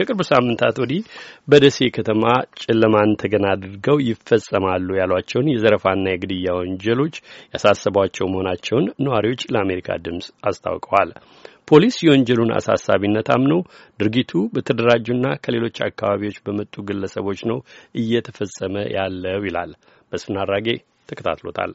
ከቅርብ ሳምንታት ወዲህ በደሴ ከተማ ጨለማን ተገን አድርገው ይፈጸማሉ ያሏቸውን የዘረፋና የግድያ ወንጀሎች ያሳሰቧቸው መሆናቸውን ነዋሪዎች ለአሜሪካ ድምፅ አስታውቀዋል። ፖሊስ የወንጀሉን አሳሳቢነት አምኖ ድርጊቱ በተደራጁና ከሌሎች አካባቢዎች በመጡ ግለሰቦች ነው እየተፈጸመ ያለው ይላል። መስፍን አራጌ ተከታትሎታል።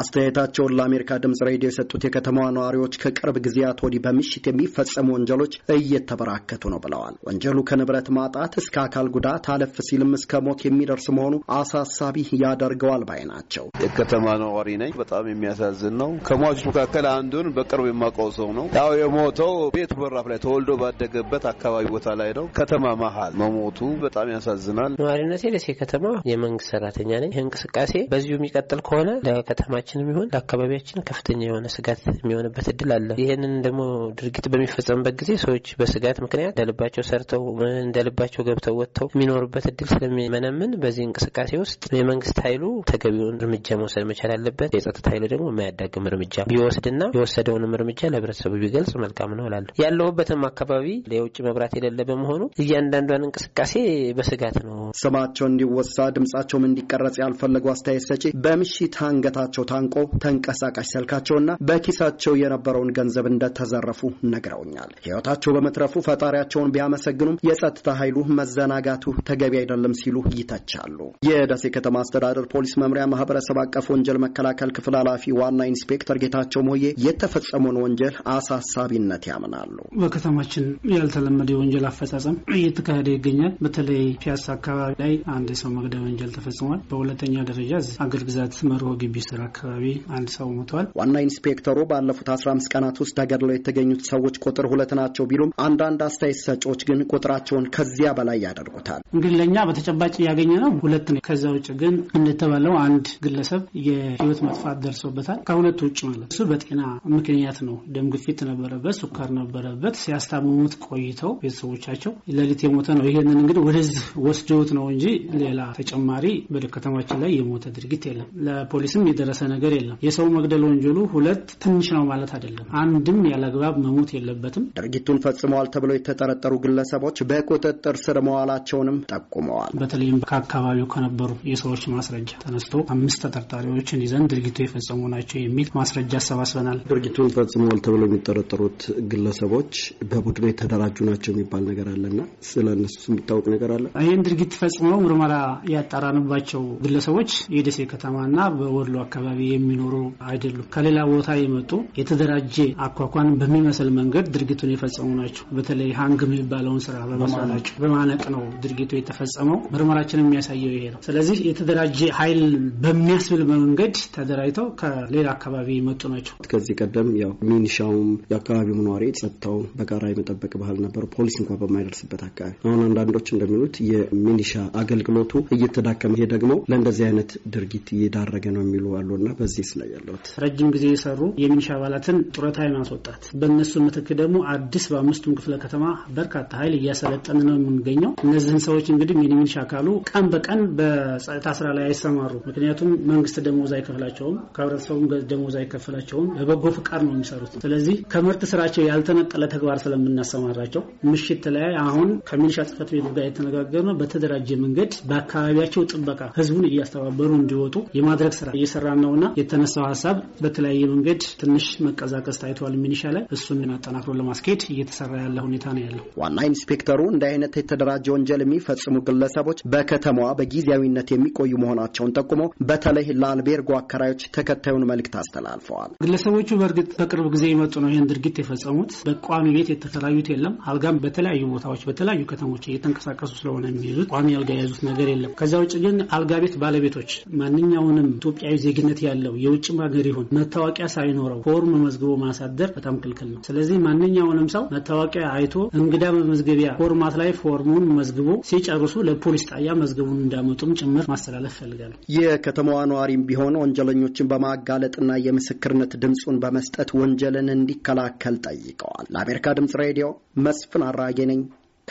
አስተያየታቸውን ለአሜሪካ ድምጽ ሬዲዮ የሰጡት የከተማዋ ነዋሪዎች ከቅርብ ጊዜያት ወዲህ በምሽት የሚፈጸሙ ወንጀሎች እየተበራከቱ ነው ብለዋል። ወንጀሉ ከንብረት ማጣት እስከ አካል ጉዳት አለፍ ሲልም እስከ ሞት የሚደርስ መሆኑ አሳሳቢ ያደርገዋል ባይ ናቸው። የከተማ ነዋሪ ነኝ። በጣም የሚያሳዝን ነው። ከሟቾች መካከል አንዱን በቅርብ የማውቀው ሰው ነው። ያው የሞተው ቤቱ በራፍ ላይ ተወልዶ ባደገበት አካባቢ ቦታ ላይ ነው። ከተማ መሀል መሞቱ በጣም ያሳዝናል። ነዋሪነት ደሴ ከተማ የመንግስት ሰራተኛ ነኝ። ይህ እንቅስቃሴ በዚሁ የሚቀጥል ከሆነ ለከተማ ለዓለማችንም ይሁን ለአካባቢያችን ከፍተኛ የሆነ ስጋት የሚሆንበት እድል አለ። ይህንን ደግሞ ድርጊት በሚፈጸምበት ጊዜ ሰዎች በስጋት ምክንያት እንደልባቸው ሰርተው እንደልባቸው ገብተው ወጥተው የሚኖሩበት እድል ስለሚመነምን በዚህ እንቅስቃሴ ውስጥ የመንግስት ኃይሉ ተገቢውን እርምጃ መውሰድ መቻል አለበት። የጸጥታ ኃይሉ ደግሞ የማያዳግም እርምጃ ቢወስድና የወሰደውንም እርምጃ ለህብረተሰቡ ቢገልጽ መልካም ነው እላለሁ። ያለሁበትም አካባቢ የውጭ መብራት የሌለ በመሆኑ እያንዳንዷን እንቅስቃሴ በስጋት ነው። ስማቸው እንዲወሳ ድምጻቸውም እንዲቀረጽ ያልፈለጉ አስተያየት ሰጪ በምሽት አንገታቸው ታንቆ ተንቀሳቃሽ ስልካቸውና በኪሳቸው የነበረውን ገንዘብ እንደተዘረፉ ነግረውኛል። ሕይወታቸው በመትረፉ ፈጣሪያቸውን ቢያመሰግኑም የጸጥታ ኃይሉ መዘናጋቱ ተገቢ አይደለም ሲሉ ይተቻሉ። የደሴ ከተማ አስተዳደር ፖሊስ መምሪያ ማህበረሰብ አቀፍ ወንጀል መከላከል ክፍል ኃላፊ ዋና ኢንስፔክተር ጌታቸው ሞዬ የተፈጸመውን ወንጀል አሳሳቢነት ያምናሉ። በከተማችን ያልተለመደ የወንጀል አፈጻጸም እየተካሄደ ይገኛል። በተለይ ፒያሳ አካባቢ ላይ አንድ ሰው መግደል ወንጀል ተፈጽሟል። በሁለተኛ ደረጃ አገር ግዛት መርሆ ግቢ ስራ አካባቢ አንድ ሰው ሞቷል። ዋና ኢንስፔክተሩ ባለፉት አስራ አምስት ቀናት ውስጥ ተገድለው የተገኙት ሰዎች ቁጥር ሁለት ናቸው ቢሉም አንዳንድ አስተያየት ሰጪዎች ግን ቁጥራቸውን ከዚያ በላይ ያደርጉታል። እንግዲህ ለእኛ በተጨባጭ ያገኘ ነው ሁለት ነው። ከዛ ውጭ ግን እንደተባለው አንድ ግለሰብ የህይወት መጥፋት ደርሶበታል። ከሁለት ውጭ ማለት እሱ በጤና ምክንያት ነው። ደም ግፊት ነበረበት፣ ሱካር ነበረበት። ሲያስታምሙት ቆይተው ቤተሰቦቻቸው ሌሊት የሞተ ነው። ይሄንን እንግዲህ ወደዚህ ወስደውት ነው እንጂ ሌላ ተጨማሪ በከተማችን ላይ የሞተ ድርጊት የለም። ለፖሊስም የደረሰ ነገር የለም። የሰው መግደል ወንጀሉ ሁለት ትንሽ ነው ማለት አይደለም። አንድም ያለግባብ መሞት የለበትም። ድርጊቱን ፈጽመዋል ተብለው የተጠረጠሩ ግለሰቦች በቁጥጥር ስር መዋላቸውንም ጠቁመዋል። በተለይም ከአካባቢው ከነበሩ የሰዎች ማስረጃ ተነስቶ አምስት ተጠርጣሪዎችን ይዘን ድርጊቱ የፈጸሙ ናቸው የሚል ማስረጃ አሰባስበናል። ድርጊቱን ፈጽመዋል ተብለው የሚጠረጠሩት ግለሰቦች በቡድን የተደራጁ ናቸው የሚባል ነገር አለና ስለ እነሱ የሚታወቅ ነገር አለ። ይህን ድርጊት ፈጽመው ምርመራ ያጣራንባቸው ግለሰቦች የደሴ ከተማና በወሎ አካባቢ አካባቢ የሚኖሩ አይደሉም። ከሌላ ቦታ የመጡ የተደራጀ አኳኳን በሚመስል መንገድ ድርጊቱን የፈጸሙ ናቸው። በተለይ ሀንግ የሚባለውን ስራ በመስራታቸው በማነቅ ነው ድርጊቱ የተፈጸመው። ምርመራችን የሚያሳየው ይሄ ነው። ስለዚህ የተደራጀ ኃይል በሚያስብል መንገድ ተደራጅተው ከሌላ አካባቢ የመጡ ናቸው። ከዚህ ቀደም ያው ሚኒሻውም የአካባቢው ነዋሪ ጸጥታውን በጋራ የመጠበቅ ባህል ነበሩ፣ ፖሊስ እንኳ በማይደርስበት አካባቢ። አሁን አንዳንዶች እንደሚሉት የሚኒሻ አገልግሎቱ እየተዳከመ፣ ይሄ ደግሞ ለእንደዚህ አይነት ድርጊት እየዳረገ ነው የሚሉ አሉና እና በዚህ ላይ ያለሁት ረጅም ጊዜ የሰሩ የሚኒሻ አባላትን ጡረታ የማስወጣት በእነሱ ምትክ ደግሞ አዲስ በአምስቱም ክፍለ ከተማ በርካታ ኃይል እያሰለጠን ነው የምንገኘው። እነዚህን ሰዎች እንግዲህ የሚኒሻ አካሉ ቀን በቀን በጸጥታ ስራ ላይ አይሰማሩ። ምክንያቱም መንግስት ደሞዝ አይከፍላቸውም፣ ከህብረተሰቡም ደሞዝ አይከፍላቸውም። በበጎ ፍቃድ ነው የሚሰሩት። ስለዚህ ከምርት ስራቸው ያልተነጠለ ተግባር ስለምናሰማራቸው ምሽት ላይ አሁን ከሚኒሻ ጽህፈት ቤት ጋር የተነጋገርነው በተደራጀ መንገድ በአካባቢያቸው ጥበቃ ህዝቡን እያስተባበሩ እንዲወጡ የማድረግ ስራ እየሰራ ነው ነውና የተነሳው ሀሳብ በተለያየ መንገድ ትንሽ መቀዛቀዝ ታይተዋል። ሚኒሻ ላይ እሱን አጠናክሮ ለማስኬድ እየተሰራ ያለ ሁኔታ ነው ያለው። ዋና ኢንስፔክተሩ እንደ አይነት የተደራጀ ወንጀል የሚፈጽሙ ግለሰቦች በከተማዋ በጊዜያዊነት የሚቆዩ መሆናቸውን ጠቁመው በተለይ ለአልቤርጎ አከራዮች ተከታዩን መልእክት አስተላልፈዋል። ግለሰቦቹ በእርግጥ በቅርብ ጊዜ የመጡ ነው ይህን ድርጊት የፈጸሙት። በቋሚ ቤት የተከራዩት የለም። አልጋም በተለያዩ ቦታዎች በተለያዩ ከተሞች እየተንቀሳቀሱ ስለሆነ የሚይዙት ቋሚ አልጋ የያዙት ነገር የለም። ከዚያ ውጭ ግን አልጋ ቤት ባለቤቶች ማንኛውንም ኢትዮጵያዊ ዜግነት ዜግነት ያለው የውጭም ሀገር ይሁን መታወቂያ ሳይኖረው ፎርም መዝግቦ ማሳደር በጣም ክልክል ነው። ስለዚህ ማንኛውንም ሰው መታወቂያ አይቶ እንግዳ መመዝገቢያ ፎርማት ላይ ፎርሙን መዝግቦ ሲጨርሱ ለፖሊስ ጣያ መዝገቡን እንዳመጡም ጭምር ማስተላለፍ ፈልጋል። የከተማዋ ነዋሪም ቢሆን ወንጀለኞችን በማጋለጥና የምስክርነት ድምፁን በመስጠት ወንጀልን እንዲከላከል ጠይቀዋል። ለአሜሪካ ድምጽ ሬዲዮ መስፍን አራጌ ነኝ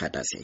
ከደሴ